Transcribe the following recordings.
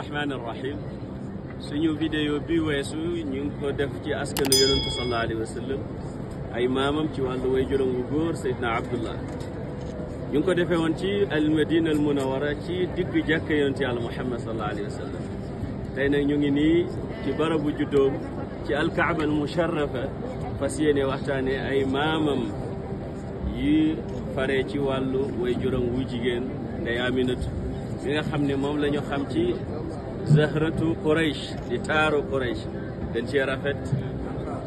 rahmaani rahim suñu vidéo bi weesu ñu ngi ko def ci askanu yonentu sallallahu alayhi wa sallam ay maamam ci wàllu way juróom wu góor Seydina Abdullah ñu ko defee woon ci al madina al munawara ci digg jàkk yonentu yàlla Muhammad sallallahu alayhi wa sallam tey na ñu ngi nii ci barabu juddoom ci alkaaba al musharrafa fas yéene waxtaane ay maamam yi fare ci wàllu way juróom wu jigéen Ndey Aminatu mi nga xam ne moom lañu xam ci zahratu quraish di taaru quraish gën cee rafet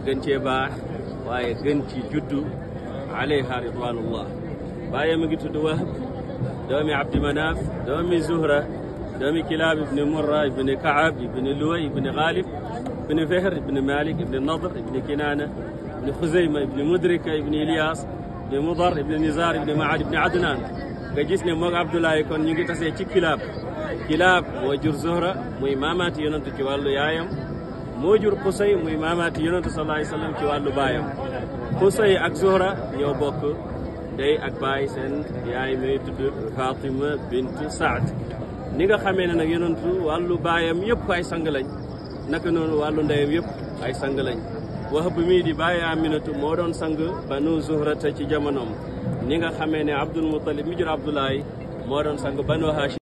gën cee baax waaye gën ci juddu alayha ridwanullah bàyye mu ngi tudd wahab doomi abdi manaaf doomi zuhra doomi kilaab ibni murra ibni kaab ibni luway ibni ghalib ibni fehr ibni malik ibni nadr ibni kinaana ibni xuzeyma ibni mudrika ibni ilyas ibni mudar ibni nizar ibni maad ibni adnan nga gis ne moog Abdoulaye kon ñu ngi tasee ci kilaab kilaab moo jur Zuhra muy maamaati yonantu ci wàllu yaayam moo jur Xusay muy maamaati yonantu sallallahu alayhi ci wàllu baayam Xusay ak Zuhra ñoo bokk day ak baay seen yaay mi tudd Fatima bint Saad ni nga xamee ne nag yonantu wàllu baayam yëpp ay sang lañ naka noonu wàllu ndeyam yëpp ay sang lañ wahb mii di bàyyi aminatu moo doon sang banu zuhrata ci jamonoom ni nga xamee ne abdul muttalib mi jur abdoulaye moo doon sang banu hashim